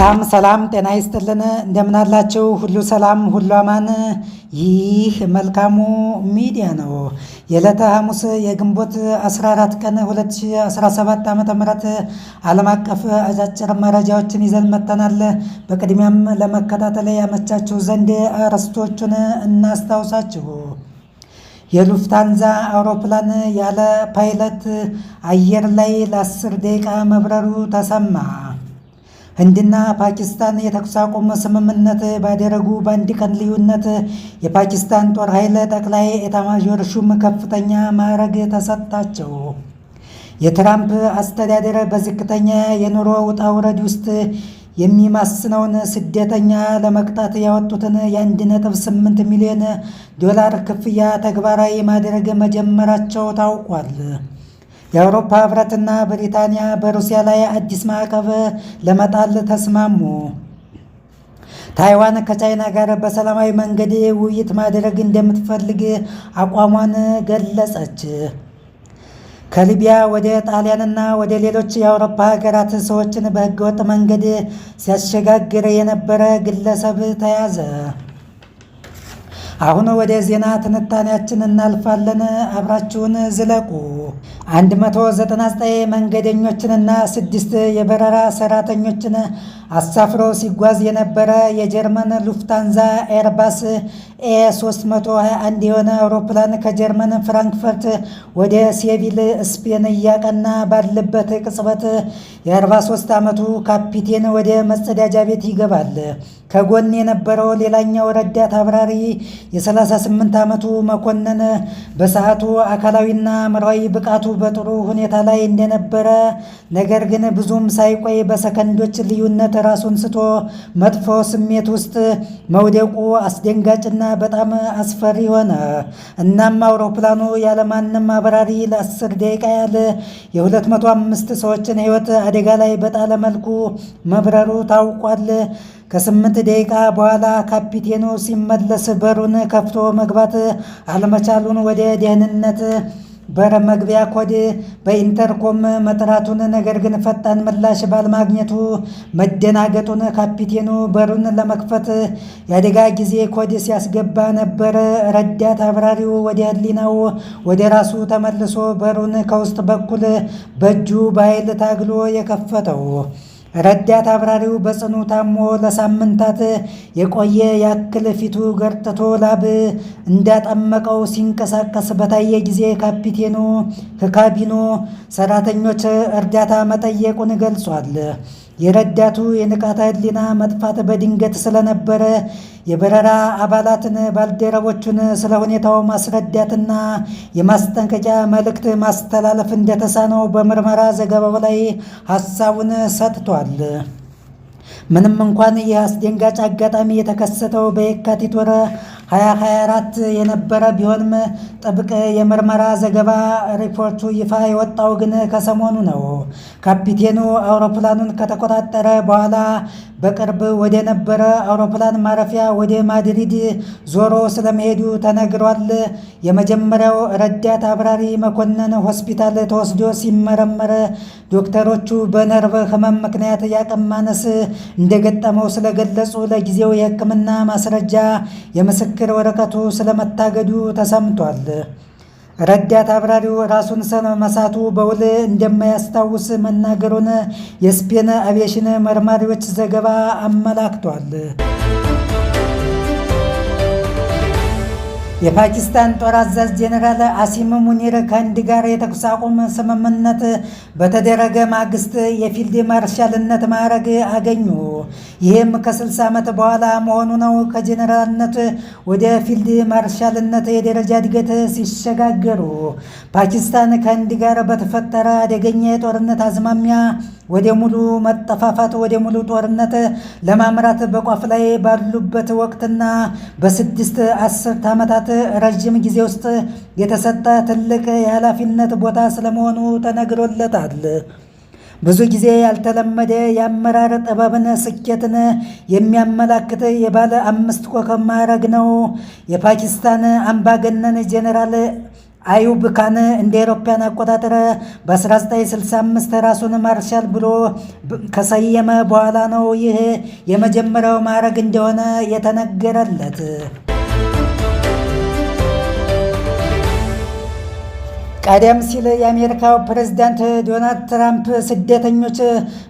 ሰላም ሰላም፣ ጤና ይስጥልን። እንደምናላችሁ ሁሉ ሰላም ሁሉ አማን። ይህ መልካሙ ሚዲያ ነው። የዕለተ ሐሙስ የግንቦት 14 ቀን 2017 ዓ ም ዓለም አቀፍ አጫጭር መረጃዎችን ይዘን መጥተናል። በቅድሚያም ለመከታተል ያመቻችሁ ዘንድ አርዕስቶቹን እናስታውሳችሁ። የሉፍታንዛ አውሮፕላን ያለ ፓይለት አየር ላይ ለአስር ደቂቃ መብረሩ ተሰማ። ህንድና ፓኪስታን የተኩስ አቁም ስምምነት ባደረጉ በአንድ ቀን ልዩነት የፓኪስታን ጦር ኃይል ጠቅላይ ኤታማዦር ሹም ከፍተኛ ማዕረግ ተሰጣቸው። የትራምፕ አስተዳደር በዝቅተኛ የኑሮ ውጣ ውረድ ውስጥ የሚማስነውን ስደተኛ ለመቅጣት ያወጡትን የአንድ ነጥብ ሚሊዮን ዶላር ክፍያ ተግባራዊ ማድረግ መጀመራቸው ታውቋል። የአውሮፓ ህብረትና ብሪታንያ በሩሲያ ላይ አዲስ ማዕቀብ ለመጣል ተስማሙ። ታይዋን ከቻይና ጋር በሰላማዊ መንገድ ውይይት ማድረግ እንደምትፈልግ አቋሟን ገለጸች። ከሊቢያ ወደ ጣሊያንና ወደ ሌሎች የአውሮፓ ሀገራት ሰዎችን በህገወጥ መንገድ ሲያሸጋግር የነበረ ግለሰብ ተያዘ። አሁን ወደ ዜና ትንታኔያችን እናልፋለን። አብራችሁን ዝለቁ። 199 መንገደኞችንና ስድስት የበረራ ሰራተኞችን አሳፍሮ ሲጓዝ የነበረ የጀርመን ሉፍታንዛ ኤርባስ ኤ 321 የሆነ አውሮፕላን ከጀርመን ፍራንክፈርት ወደ ሴቪል ስፔን እያቀና ባለበት ቅጽበት የ43 ዓመቱ ካፒቴን ወደ መጸዳጃ ቤት ይገባል። ከጎን የነበረው ሌላኛው ረዳት አብራሪ የ38 ዓመቱ መኮንን በሰዓቱ አካላዊና ምራዊ ብቃቱ በጥሩ ሁኔታ ላይ እንደነበረ፣ ነገር ግን ብዙም ሳይቆይ በሰከንዶች ልዩነት ራሱን ስቶ መጥፎ ስሜት ውስጥ መውደቁ አስደንጋጭና በጣም አስፈሪ ሆነ። እናም አውሮፕላኑ ያለማንም አብራሪ ለ10 ደቂቃ ያህል የ205 ሰዎችን ሕይወት አደጋ ላይ በጣለ መልኩ መብረሩ ታውቋል። ከስምንት ደቂቃ በኋላ ካፒቴኑ ሲመለስ በሩን ከፍቶ መግባት አለመቻሉን ወደ ደህንነት በር መግቢያ ኮድ በኢንተርኮም መጥራቱን ነገር ግን ፈጣን ምላሽ ባለማግኘቱ መደናገጡን ካፒቴኑ በሩን ለመክፈት የአደጋ ጊዜ ኮድ ሲያስገባ ነበር። ረዳት አብራሪው ወደ ሕሊናው ወደ ራሱ ተመልሶ በሩን ከውስጥ በኩል በእጁ በኃይል ታግሎ የከፈተው ረዳት አብራሪው በጽኑ ታሞ ለሳምንታት የቆየ ያክል ፊቱ ገርጥቶ ላብ እንዳጠመቀው ሲንቀሳቀስ በታየ ጊዜ ካፒቴኑ ከካቢኖ ሰራተኞች እርዳታ መጠየቁን ገልጿል። የረዳቱ የንቃተ ህሊና መጥፋት በድንገት ስለነበረ የበረራ አባላትን ባልደረቦቹን ስለ ሁኔታው ማስረዳትና የማስጠንቀቂያ መልእክት ማስተላለፍ እንደተሳነው በምርመራ ዘገባው ላይ ሀሳቡን ሰጥቷል። ምንም እንኳን ይህ አስደንጋጭ አጋጣሚ የተከሰተው በየካቲት ወር 2024 የነበረ ቢሆንም ጥብቅ የምርመራ ዘገባ ሪፖርቱ ይፋ የወጣው ግን ከሰሞኑ ነው። ካፒቴኑ አውሮፕላኑን ከተቆጣጠረ በኋላ በቅርብ ወደ ነበረ አውሮፕላን ማረፊያ ወደ ማድሪድ ዞሮ ስለመሄዱ ተነግሯል። የመጀመሪያው ረዳት አብራሪ መኮንን ሆስፒታል ተወስዶ ሲመረመር ዶክተሮቹ በነርቭ ሕመም ምክንያት የአቅም ማነስ እንደገጠመው ስለገለጹ ለጊዜው የሕክምና ማስረጃ የምስክ የምስክር ወረቀቱ ስለመታገዱ ተሰምቷል። ረዳት አብራሪው ራሱን መሳቱ በውል እንደማያስታውስ መናገሩን የስፔን አቪዬሽን መርማሪዎች ዘገባ አመላክቷል። የፓኪስታን ጦር አዛዥ ጄኔራል አሲም ሙኒር ከህንድ ጋር የተኩስ አቁም ስምምነት በተደረገ ማግስት የፊልድ ማርሻልነት ማዕረግ አገኙ። ይህም ከ60 ዓመት በኋላ መሆኑ ነው። ከጄኔራልነት ወደ ፊልድ ማርሻልነት የደረጃ እድገት ሲሸጋገሩ ፓኪስታን ከህንድ ጋር በተፈጠረ አደገኛ የጦርነት አዝማሚያ ወደ ሙሉ መጠፋፋት ወደ ሙሉ ጦርነት ለማምራት በቋፍ ላይ ባሉበት ወቅትና በስድስት አስርት ዓመታት ረዥም ጊዜ ውስጥ የተሰጠ ትልቅ የኃላፊነት ቦታ ስለመሆኑ ተነግሮለታል። ብዙ ጊዜ ያልተለመደ የአመራር ጥበብን ስኬትን የሚያመላክት የባለ አምስት ኮከብ ማዕረግ ነው። የፓኪስታን አምባገነን ጄኔራል አዩብ ካን እንደ አውሮፓውያን አቆጣጠር በ1965 ራሱን ማርሻል ብሎ ከሰየመ በኋላ ነው ይህ የመጀመሪያው ማዕረግ እንደሆነ የተነገረለት። ቀደም ሲል የአሜሪካው ፕሬዝዳንት ዶናልድ ትራምፕ ስደተኞች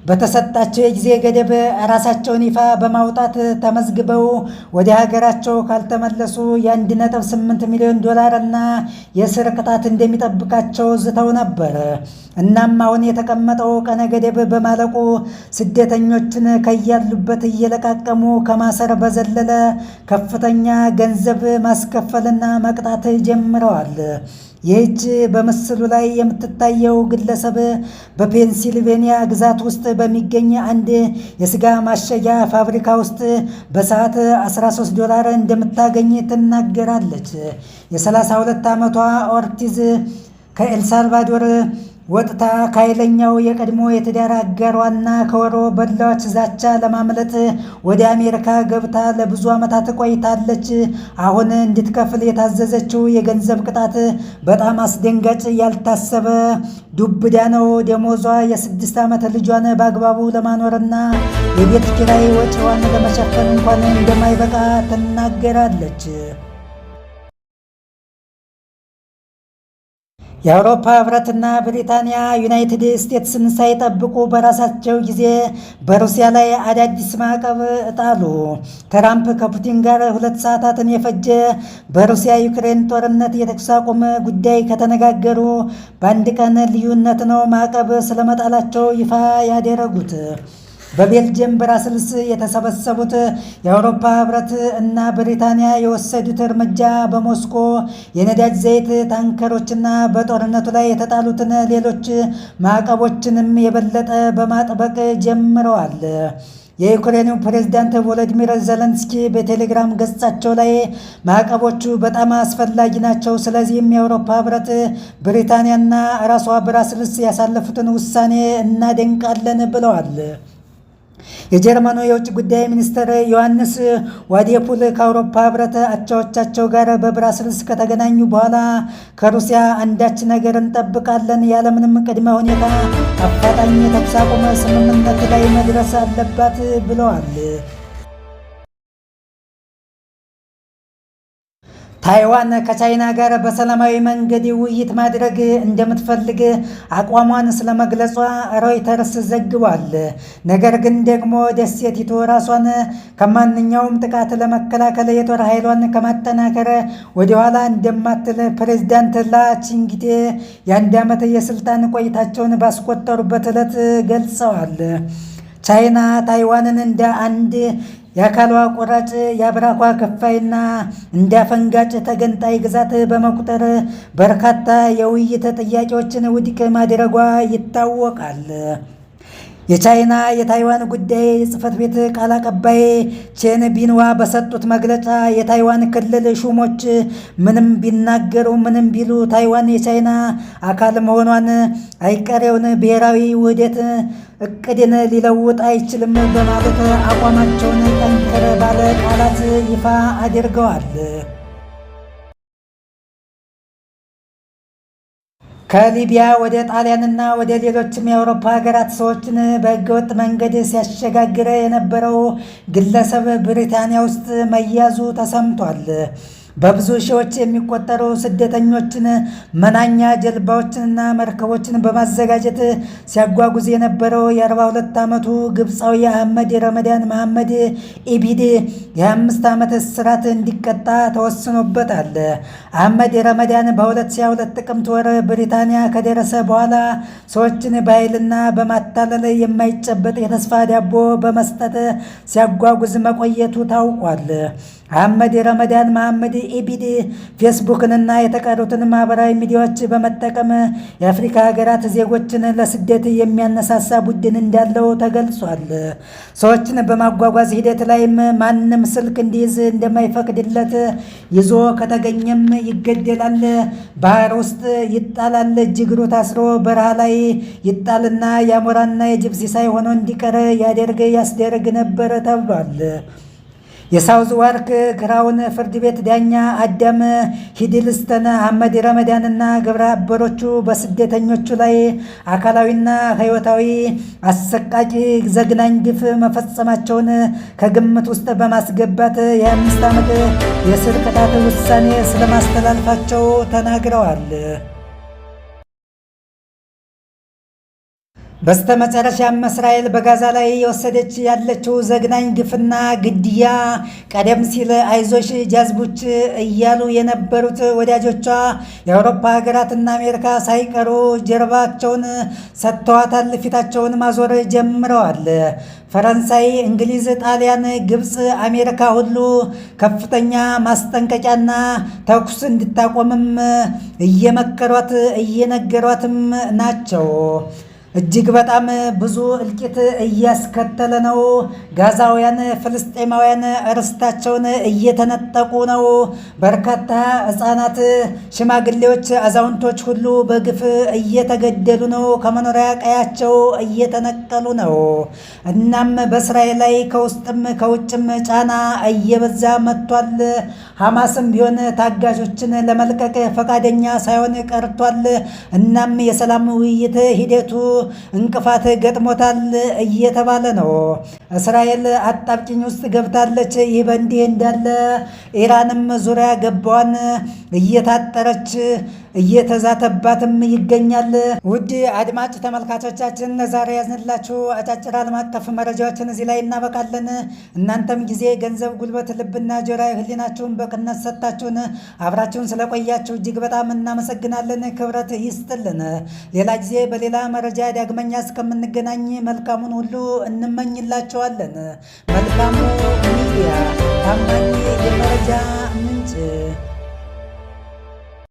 በተሰጣቸው የጊዜ ገደብ ራሳቸውን ይፋ በማውጣት ተመዝግበው ወደ ሀገራቸው ካልተመለሱ የ1.8 ሚሊዮን ዶላር እና የእስር ቅጣት እንደሚጠብቃቸው ዝተው ነበር። እናም አሁን የተቀመጠው ቀነ ገደብ በማለቁ ስደተኞችን ከያሉበት እየለቃቀሙ ከማሰር በዘለለ ከፍተኛ ገንዘብ ማስከፈልና መቅጣት ጀምረዋል። ይህች በምስሉ ላይ የምትታየው ግለሰብ በፔንሲልቬኒያ ግዛት ውስጥ በሚገኝ አንድ የስጋ ማሸጊያ ፋብሪካ ውስጥ በሰዓት 13 ዶላር እንደምታገኝ ትናገራለች። የ32 ዓመቷ ኦርቲዝ ከኤልሳልቫዶር ወጥታ ከኃይለኛው የቀድሞ የትዳር አጋሯና ከወሮ በላዎች ዛቻ ለማምለጥ ወደ አሜሪካ ገብታ ለብዙ ዓመታት ቆይታለች። አሁን እንድትከፍል የታዘዘችው የገንዘብ ቅጣት በጣም አስደንጋጭ፣ ያልታሰበ ዱብዳ ነው። ደሞዟ የስድስት ዓመት ልጇን በአግባቡ ለማኖርና የቤት ኪራይ ወጪዋን ለመሸፈን እንኳን እንደማይበቃ ትናገራለች። የአውሮፓ ህብረትና ብሪታንያ ዩናይትድ ስቴትስን ሳይጠብቁ በራሳቸው ጊዜ በሩሲያ ላይ አዳዲስ ማዕቀብ እጣሉ። ትራምፕ ከፑቲን ጋር ሁለት ሰዓታትን የፈጀ በሩሲያ ዩክሬን ጦርነት የተኩስ አቁም ጉዳይ ከተነጋገሩ በአንድ ቀን ልዩነት ነው ማዕቀብ ስለመጣላቸው ይፋ ያደረጉት። በቤልጅየም ብራስልስ የተሰበሰቡት የአውሮፓ ህብረት እና ብሪታንያ የወሰዱት እርምጃ በሞስኮ የነዳጅ ዘይት ታንከሮችና በጦርነቱ ላይ የተጣሉትን ሌሎች ማዕቀቦችንም የበለጠ በማጥበቅ ጀምረዋል። የዩክሬኑ ፕሬዝዳንት ቮሎዲሚር ዘለንስኪ በቴሌግራም ገጻቸው ላይ ማዕቀቦቹ በጣም አስፈላጊ ናቸው፣ ስለዚህም የአውሮፓ ህብረት፣ ብሪታንያና ራሷ ብራስልስ ያሳለፉትን ውሳኔ እናደንቃለን ብለዋል። የጀርመኑ የውጭ ጉዳይ ሚኒስትር ዮሐንስ ዋዴፑል ከአውሮፓ ህብረት አቻዎቻቸው ጋር በብራስልስ ከተገናኙ በኋላ ከሩሲያ አንዳች ነገር እንጠብቃለን፣ ያለምንም ቅድመ ሁኔታ አፋጣኝ የተኩስ አቁም ስምምነት ላይ መድረስ አለባት ብለዋል። ታይዋን ከቻይና ጋር በሰላማዊ መንገድ ውይይት ማድረግ እንደምትፈልግ አቋሟን ስለመግለጿ ሮይተርስ ዘግቧል። ነገር ግን ደግሞ ደሴቲቱ ራሷን ከማንኛውም ጥቃት ለመከላከል የጦር ኃይሏን ከማጠናከር ወደኋላ እንደማትል ፕሬዚዳንት ላቺንግቴ የአንድ ዓመት የስልጣን ቆይታቸውን ባስቆጠሩበት ዕለት ገልጸዋል። ቻይና ታይዋንን እንደ አንድ የአካሏ ቆራጭ የአብራኳ ከፋይና እንደ አፈንጋጭ ተገንጣይ ግዛት በመቁጠር በርካታ የውይይት ጥያቄዎችን ውድቅ ማድረጓ ይታወቃል። የቻይና የታይዋን ጉዳይ ጽህፈት ቤት ቃል አቀባይ ቼን ቢንዋ በሰጡት መግለጫ የታይዋን ክልል ሹሞች ምንም ቢናገሩ ምንም ቢሉ ታይዋን የቻይና አካል መሆኗን አይቀሬውን ብሔራዊ ውህደት እቅድን ሊለውጥ አይችልም በማለት አቋማቸውን ጠንከር ባለ ቃላት ይፋ አድርገዋል። ከሊቢያ ወደ ጣሊያንና ወደ ሌሎችም የአውሮፓ ሀገራት ሰዎችን በህገወጥ መንገድ ሲያሸጋግረ የነበረው ግለሰብ ብሪታንያ ውስጥ መያዙ ተሰምቷል። በብዙ ሺዎች የሚቆጠሩ ስደተኞችን መናኛ ጀልባዎችንና መርከቦችን በማዘጋጀት ሲያጓጉዝ የነበረው የ42 ዓመቱ ግብፃዊ አህመድ ረመዳን መሐመድ ኢቢድ የ ዓመት እስራት እንዲቀጣ ተወስኖበታል። አህመድ ረመዳን በ2022 ጥቅምት ወር ብሪታንያ ከደረሰ በኋላ ሰዎችን በኃይልና በማታለል የማይጨበጥ የተስፋ ዳቦ በመስጠት ሲያጓጉዝ መቆየቱ ታውቋል። አህመድ ረመዳን መሐመድ ኢቢድ ፌስቡክንና የተቀሩትን ማህበራዊ ሚዲያዎች በመጠቀም የአፍሪካ ሀገራት ዜጎችን ለስደት የሚያነሳሳ ቡድን እንዳለው ተገልጿል። ሰዎችን በማጓጓዝ ሂደት ላይም ማንም ስልክ እንዲይዝ እንደማይፈቅድለት፣ ይዞ ከተገኘም ይገደላል፣ ባህር ውስጥ ይጣላል፣ እጅግሩ ታስሮ በረሃ ላይ ይጣልና የአሞራና የጅብ ሲሳይ ሆኖ እንዲቀር ያደርግ ያስደርግ ነበር ተብሏል። የሳውዝ ዋርክ ክራውን ፍርድ ቤት ዳኛ አዳም ሂድልስተን አህመድ ረመዳንና ግብረ አበሮቹ በስደተኞቹ ላይ አካላዊና ህይወታዊ አሰቃቂ ዘግናኝ ግፍ መፈጸማቸውን ከግምት ውስጥ በማስገባት የአምስት ዓመት የእስር ቅጣት ውሳኔ ስለማስተላለፋቸው ተናግረዋል። በስተመጨረሻም እስራኤል በጋዛ ላይ የወሰደች ያለችው ዘግናኝ ግፍና ግድያ ቀደም ሲል አይዞሽ ጃዝቡች እያሉ የነበሩት ወዳጆቿ የአውሮፓ ሀገራትና አሜሪካ ሳይቀሩ ጀርባቸውን ሰጥተዋታል፣ ፊታቸውን ማዞር ጀምረዋል። ፈረንሳይ፣ እንግሊዝ፣ ጣሊያን፣ ግብፅ፣ አሜሪካ ሁሉ ከፍተኛ ማስጠንቀቂያና ተኩስ እንድታቆምም እየመከሯት እየነገሯትም ናቸው። እጅግ በጣም ብዙ እልቂት እያስከተለ ነው። ጋዛውያን ፍልስጤማውያን እርስታቸውን እየተነጠቁ ነው። በርካታ ሕፃናት፣ ሽማግሌዎች፣ አዛውንቶች ሁሉ በግፍ እየተገደሉ ነው። ከመኖሪያ ቀያቸው እየተነቀሉ ነው። እናም በእስራኤል ላይ ከውስጥም ከውጭም ጫና እየበዛ መጥቷል። ሐማስም ቢሆን ታጋቾችን ለመልቀቅ ፈቃደኛ ሳይሆን ቀርቷል። እናም የሰላም ውይይት ሂደቱ እንቅፋት ገጥሞታል እየተባለ ነው። እስራኤል አጣብቂኝ ውስጥ ገብታለች። ይህ በእንዲህ እንዳለ ኢራንም ዙሪያ ገባዋን እየታጠረች እየተዛተባትም ይገኛል። ውድ አድማጭ ተመልካቾቻችን ዛሬ ያዝንላችሁ አጫጭር ዓለም አቀፍ መረጃዎችን እዚህ ላይ እናበቃለን። እናንተም ጊዜ፣ ገንዘብ፣ ጉልበት፣ ልብና ጆሮ ህሊናችሁን ቅነት ሰጥታችሁን አብራችሁን ስለቆያችሁ እጅግ በጣም እናመሰግናለን። ክብረት ይስጥልን። ሌላ ጊዜ በሌላ መረጃ ዳግመኛ እስከምንገናኝ መልካሙን ሁሉ እንመኝላችኋለን። መልካሙ ሚዲያ ታማኝ የመረጃ ምንጭ